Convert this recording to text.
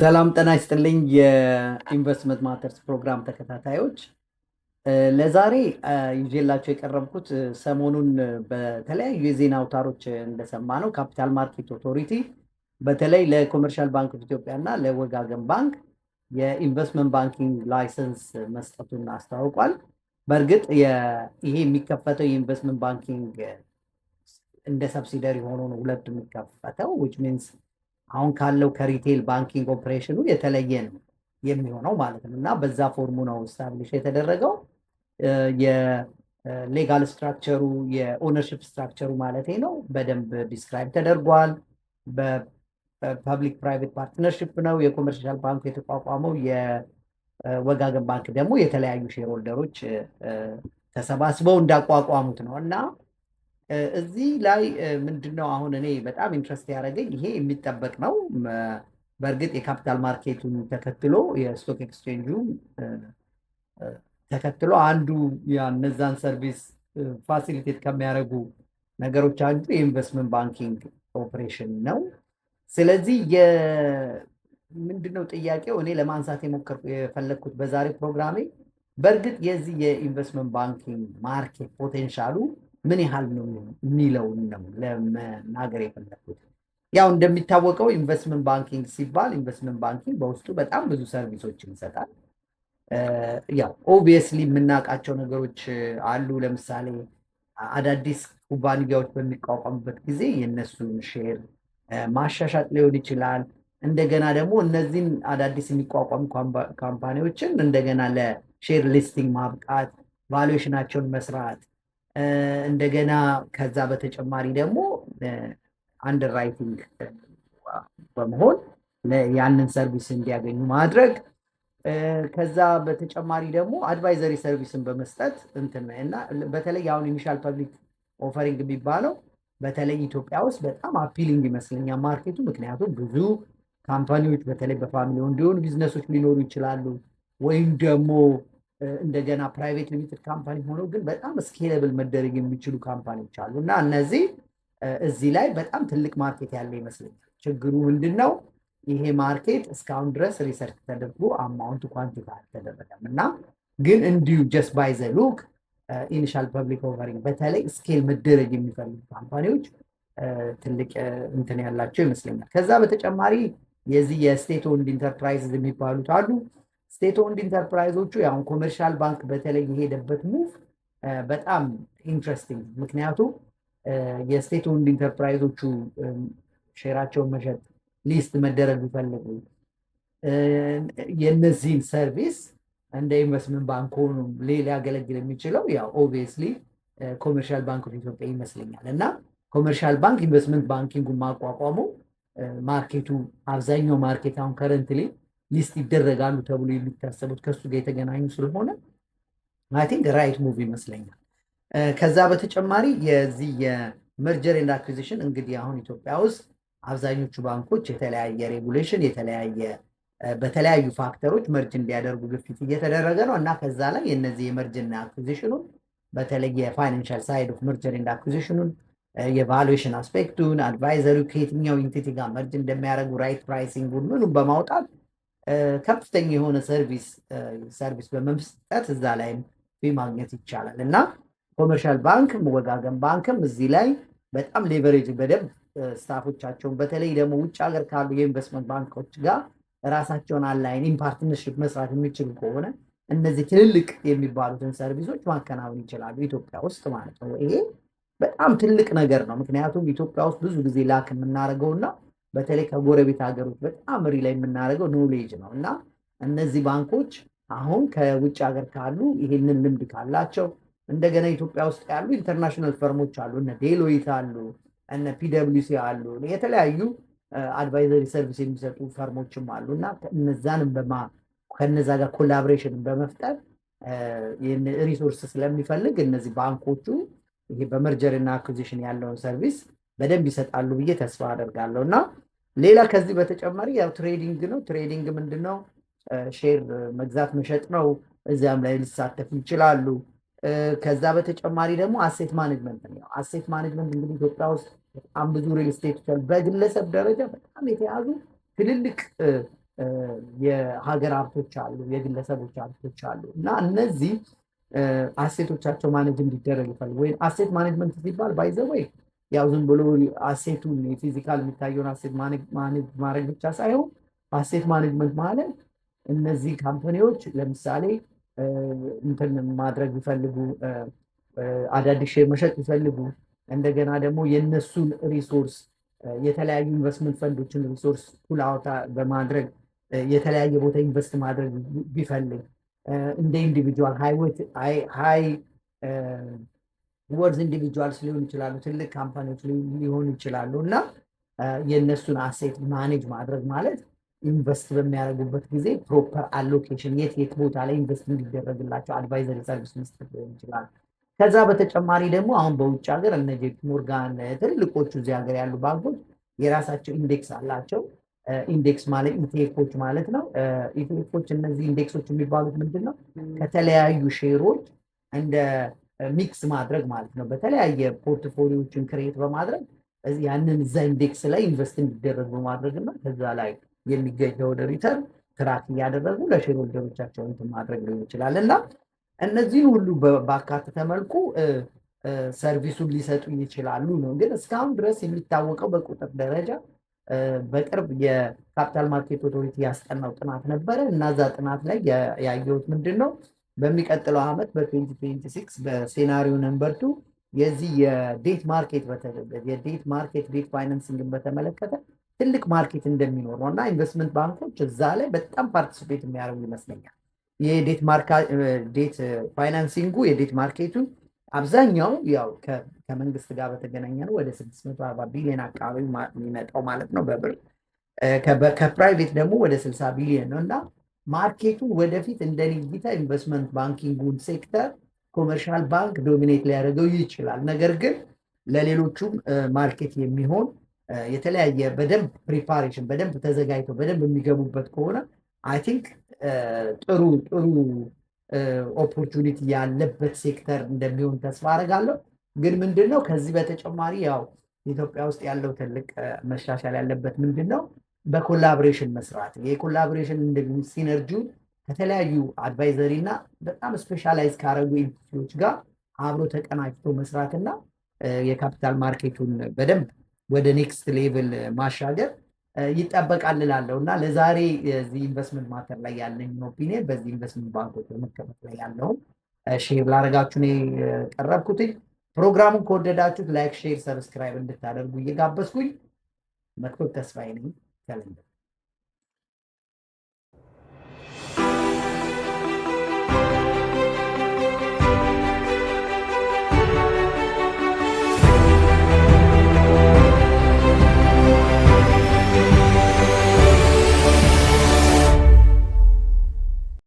ሰላም ጤና ይስጥልኝ። የኢንቨስትመንት ማተርስ ፕሮግራም ተከታታዮች ለዛሬ ይዤላቸው የቀረብኩት ሰሞኑን በተለያዩ የዜና አውታሮች እንደሰማ ነው ካፒታል ማርኬት ኦቶሪቲ በተለይ ለኮመርሻል ባንክ ኦፍ ኢትዮጵያ እና ለወጋገን ባንክ የኢንቨስትመንት ባንኪንግ ላይሰንስ መስጠቱን አስታውቋል። በእርግጥ ይሄ የሚከፈተው የኢንቨስትመንት ባንኪንግ እንደ ሰብሲደሪ ሆኖ ነው ሁለቱ የሚከፈተው ዊች ሚንስ አሁን ካለው ከሪቴል ባንኪንግ ኦፕሬሽኑ የተለየ ነው የሚሆነው ማለት ነው እና በዛ ፎርሙ ነው ስታብሊሽ የተደረገው የሌጋል ስትራክቸሩ የኦነርሽፕ ስትራክቸሩ ማለት ነው በደንብ ዲስክራይብ ተደርጓል በፐብሊክ ፕራይቬት ፓርትነርሽፕ ነው የኮመርሻል ባንክ የተቋቋመው የወጋገን ባንክ ደግሞ የተለያዩ ሼር ሆልደሮች ተሰባስበው እንዳቋቋሙት ነው እና እዚህ ላይ ምንድነው አሁን እኔ በጣም ኢንትረስት ያደረገኝ ይሄ የሚጠበቅ ነው። በእርግጥ የካፒታል ማርኬቱን ተከትሎ የስቶክ ኤክስቼንጁ ተከትሎ አንዱ የነዛን ሰርቪስ ፋሲሊቴት ከሚያደርጉ ነገሮች አንዱ የኢንቨስትመንት ባንኪንግ ኦፕሬሽን ነው። ስለዚህ ምንድነው ጥያቄው እኔ ለማንሳት የፈለግኩት በዛሬ ፕሮግራሜ በእርግጥ የዚህ የኢንቨስትመንት ባንኪንግ ማርኬት ፖቴንሻሉ ምን ያህል ነው የሚለውን ነው ለመናገር የፈለኩት። ያው እንደሚታወቀው ኢንቨስትመንት ባንኪንግ ሲባል ኢንቨስትመንት ባንኪንግ በውስጡ በጣም ብዙ ሰርቪሶችን ይሰጣል። ያው ኦብቪየስሊ የምናውቃቸው ነገሮች አሉ። ለምሳሌ አዳዲስ ኩባንያዎች በሚቋቋሙበት ጊዜ የእነሱን ሼር ማሻሻጥ ሊሆን ይችላል። እንደገና ደግሞ እነዚህን አዳዲስ የሚቋቋሙ ካምፓኒዎችን እንደገና ለሼር ሊስቲንግ ማብቃት፣ ቫሉዌሽናቸውን መስራት እንደገና ከዛ በተጨማሪ ደግሞ አንድ ራይቲንግ በመሆን ያንን ሰርቪስ እንዲያገኙ ማድረግ ከዛ በተጨማሪ ደግሞ አድቫይዘሪ ሰርቪስን በመስጠት እንትን እና በተለይ አሁን ኢኒሻል ፐብሊክ ኦፈሪንግ የሚባለው በተለይ ኢትዮጵያ ውስጥ በጣም አፒሊንግ ይመስለኛል ማርኬቱ። ምክንያቱም ብዙ ካምፓኒዎች በተለይ በፋሚሊ እንዲሆን ቢዝነሶች ሊኖሩ ይችላሉ ወይም ደግሞ እንደገና ፕራይቬት ሊሚትድ ካምፓኒ ሆነው ግን በጣም ስኬለብል መደረግ የሚችሉ ካምፓኒዎች አሉ እና እነዚህ እዚህ ላይ በጣም ትልቅ ማርኬት ያለ ይመስለኛል። ችግሩ ምንድን ነው? ይሄ ማርኬት እስካሁን ድረስ ሪሰርች ተደርጎ አማውንት ኳንቲፋ አልተደረገም እና ግን እንዲሁ ጀስት ባይ ዘ ሉክ ኢኒሻል ፐብሊክ ኦፈሪንግ በተለይ ስኬል መደረግ የሚፈልጉ ካምፓኒዎች ትልቅ እንትን ያላቸው ይመስለኛል። ከዛ በተጨማሪ የዚህ የስቴት ኦንድ ኢንተርፕራይዝ የሚባሉት አሉ። ስቴት ኦንድ ኢንተርፕራይዞቹ ያሁን ኮመርሻል ባንክ በተለይ የሄደበት ሙቭ በጣም ኢንትረስቲንግ፣ ምክንያቱም የስቴት ኦንድ ኢንተርፕራይዞቹ ሼራቸውን መሸጥ ሊስት መደረግ ይፈልጉ የነዚህን ሰርቪስ እንደ ኢንቨስትመንት ባንክ ሆኖ ሊያገለግል የሚችለው ያው ኦብቪየስሊ ኮመርሻል ባንክ ኦፍ ኢትዮጵያ ይመስለኛል። እና ኮመርሻል ባንክ ኢንቨስትመንት ባንኪንጉን ማቋቋሙ ማርኬቱ አብዛኛው ማርኬት አሁን ከረንትሊ ሊስት ይደረጋሉ ተብሎ የሚታሰቡት ከእሱ ጋር የተገናኙ ስለሆነ አይ ቲንክ ራይት ሙቭ ይመስለኛል። ከዛ በተጨማሪ የዚህ የመርጀር ኤንድ አኩዚሽን እንግዲህ አሁን ኢትዮጵያ ውስጥ አብዛኞቹ ባንኮች የተለያየ ሬጉሌሽን የተለያየ በተለያዩ ፋክተሮች መርጅ እንዲያደርጉ ግፊት እየተደረገ ነው እና ከዛ ላይ የነዚህ የመርጅና አኩዚሽኑን በተለይ የፋይናንሻል ሳይድ ኦፍ መርጀር ኤንድ አኩዚሽኑን የቫሉዌሽን አስፔክቱን አድቫይዘሪ ከየትኛው ኢንቲቲ ጋር መርጅ እንደሚያደርጉ ራይት ፕራይሲንግ ምኑን በማውጣት ከፍተኛ የሆነ ሰርቪስ ሰርቪስ በመስጠት እዛ ላይም ፊ ማግኘት ይቻላል እና ኮመርሻል ባንክም ወጋገን ባንክም እዚህ ላይ በጣም ሌቨሬጅ በደንብ ስታፎቻቸውን በተለይ ደግሞ ውጭ ሀገር ካሉ የኢንቨስትመንት ባንኮች ጋር ራሳቸውን አላይን ኢን መስራት የሚችሉ ከሆነ እነዚህ ትልልቅ የሚባሉትን ሰርቪሶች ማከናወን ይችላሉ፣ ኢትዮጵያ ውስጥ ማለት ነው። ይሄ በጣም ትልቅ ነገር ነው። ምክንያቱም ኢትዮጵያ ውስጥ ብዙ ጊዜ ላክ የምናደርገውና በተለይ ከጎረቤት ሀገሮች በጣም ሪ ላይ የምናደርገው ኖሌጅ ነው እና እነዚህ ባንኮች አሁን ከውጭ ሀገር ካሉ ይሄንን ልምድ ካላቸው እንደገና ኢትዮጵያ ውስጥ ያሉ ኢንተርናሽናል ፈርሞች አሉ። እነ ዴሎይት አሉ፣ እነ ፒደብሊሲ አሉ፣ የተለያዩ አድቫይዘሪ ሰርቪስ የሚሰጡ ፈርሞችም አሉ እና እነዛንም ከነዛ ጋር ኮላቦሬሽን በመፍጠር ሪሶርስ ስለሚፈልግ እነዚህ ባንኮቹ ይሄ በመርጀር እና አኩዚሽን ያለውን ሰርቪስ በደንብ ይሰጣሉ ብዬ ተስፋ አደርጋለሁ እና ሌላ ከዚህ በተጨማሪ ያው ትሬዲንግ ነው። ትሬዲንግ ምንድነው? ነው? ሼር መግዛት መሸጥ ነው። እዚያም ላይ ሊሳተፉ ይችላሉ። ከዛ በተጨማሪ ደግሞ አሴት ማኔጅመንት ነው። አሴት ማኔጅመንት እንግዲህ ኢትዮጵያ ውስጥ በጣም ብዙ ሪል ስቴት በግለሰብ ደረጃ በጣም የተያዙ ትልልቅ የሀገር ሀብቶች አሉ፣ የግለሰቦች ሀብቶች አሉ እና እነዚህ አሴቶቻቸው ማኔጅ እንዲደረግ ይፈል ወይም አሴት ማኔጅመንት ሲባል ባይዘወይ ያው ዝም ብሎ አሴቱን የፊዚካል የሚታየውን አሴት ማኔጅ ማድረግ ብቻ ሳይሆን አሴት ማኔጅመንት ማለት እነዚህ ካምፓኒዎች ለምሳሌ እንትን ማድረግ ቢፈልጉ አዳዲስ መሸጥ ቢፈልጉ እንደገና ደግሞ የእነሱን ሪሶርስ የተለያዩ ኢንቨስትመንት ፈንዶችን ሪሶርስ ፑል በማድረግ የተለያየ ቦታ ኢንቨስት ማድረግ ቢፈልግ እንደ ኢንዲቪጁዋል ሃይ ወርዝ ኢንዲቪጁዋልስ ሊሆን ይችላሉ፣ ትልቅ ካምፓኒዎች ሊሆኑ ይችላሉ እና የእነሱን አሴት ማኔጅ ማድረግ ማለት ኢንቨስት በሚያደርጉበት ጊዜ ፕሮፐር አሎኬሽን የት የት ቦታ ላይ ኢንቨስት እንዲደረግላቸው አድቫይዘሪ ሰርቪስ መስጠት ሊሆን ይችላል። ከዛ በተጨማሪ ደግሞ አሁን በውጭ ሀገር እነ ጄፒ ሞርጋን ትልቆቹ እዚህ ሀገር ያሉ ባንኮች የራሳቸው ኢንዴክስ አላቸው። ኢንዴክስ ማለት ኢቲኤፎች e ማለት ነው። ኢቲኤፎች e እነዚህ ኢንዴክሶች የሚባሉት ምንድን ነው? ከተለያዩ ሼሮች እንደ ሚክስ ማድረግ ማለት ነው። በተለያየ ፖርትፎሊዎችን ክሬት በማድረግ ያንን እዛ ኢንዴክስ ላይ ኢንቨስት እንዲደረግ በማድረግ እና ከዛ ላይ የሚገኘውን ሪተርን ትራክ እያደረጉ ለሼርሆልደሮቻቸው ማድረግ ሊሆን ይችላል እና እነዚህን ሁሉ ባካተተ መልኩ ሰርቪሱን ሊሰጡ ይችላሉ ነው። ግን እስካሁን ድረስ የሚታወቀው በቁጥር ደረጃ በቅርብ የካፒታል ማርኬት ኦቶሪቲ ያስጠናው ጥናት ነበረ እና እዛ ጥናት ላይ ያየሁት ምንድን ነው በሚቀጥለው ዓመት በ2026 በሴናሪዮ ቱ የዚህ የዴት ማርኬት የዴት ማርኬት ዴት ፋይናንሲንግን በተመለከተ ትልቅ ማርኬት እንደሚኖር ነው እና ኢንቨስትመንት ባንኮች እዛ ላይ በጣም ፓርቲስፔት የሚያደርጉ ይመስለኛል። ዴት ፋይናንሲንጉ የዴት ማርኬቱ አብዛኛው ያው ከመንግስት ጋር በተገናኘ ነው። ወደ 640 ቢሊዮን አካባቢ የሚመጣው ማለት ነው በብር ከፕራይቬት ደግሞ ወደ 60 ቢሊዮን ነው እና ማርኬቱ ወደፊት እንደ ዲጂታ ኢንቨስትመንት ባንኪንጉን ሴክተር ኮመርሻል ባንክ ዶሚኔት ሊያደርገው ይችላል። ነገር ግን ለሌሎቹም ማርኬት የሚሆን የተለያየ በደንብ ፕሪፓሬሽን በደንብ ተዘጋጅተው በደንብ የሚገቡበት ከሆነ አይ ቲንክ ጥሩ ጥሩ ኦፖርቹኒቲ ያለበት ሴክተር እንደሚሆን ተስፋ አደርጋለሁ። ግን ምንድን ነው ከዚህ በተጨማሪ ያው ኢትዮጵያ ውስጥ ያለው ትልቅ መሻሻል ያለበት ምንድን ነው በኮላቦሬሽን መስራት የኮላቦሬሽን ሲነርጂ ከተለያዩ አድቫይዘሪ እና በጣም ስፔሻላይዝ ካረጉ ኢንስቲትዩቶች ጋር አብሮ ተቀናጅቶ መስራትና የካፒታል ማርኬቱን በደንብ ወደ ኔክስት ሌቭል ማሻገር ይጠበቃል እላለሁ እና ለዛሬ የዚህ ኢንቨስትመንት ማተር ላይ ያለኝ ኦፒኒየን በዚህ ኢንቨስትመንት ባንኮች በመቀመጥ ላይ ያለውም ሼር ላደረጋችሁ የቀረብኩትኝ። ፕሮግራሙን ከወደዳችሁት ላይክ፣ ሼር፣ ሰብስክራይብ እንድታደርጉ እየጋበዝኩኝ መክበብ ተስፋዬ ነኝ። calendar.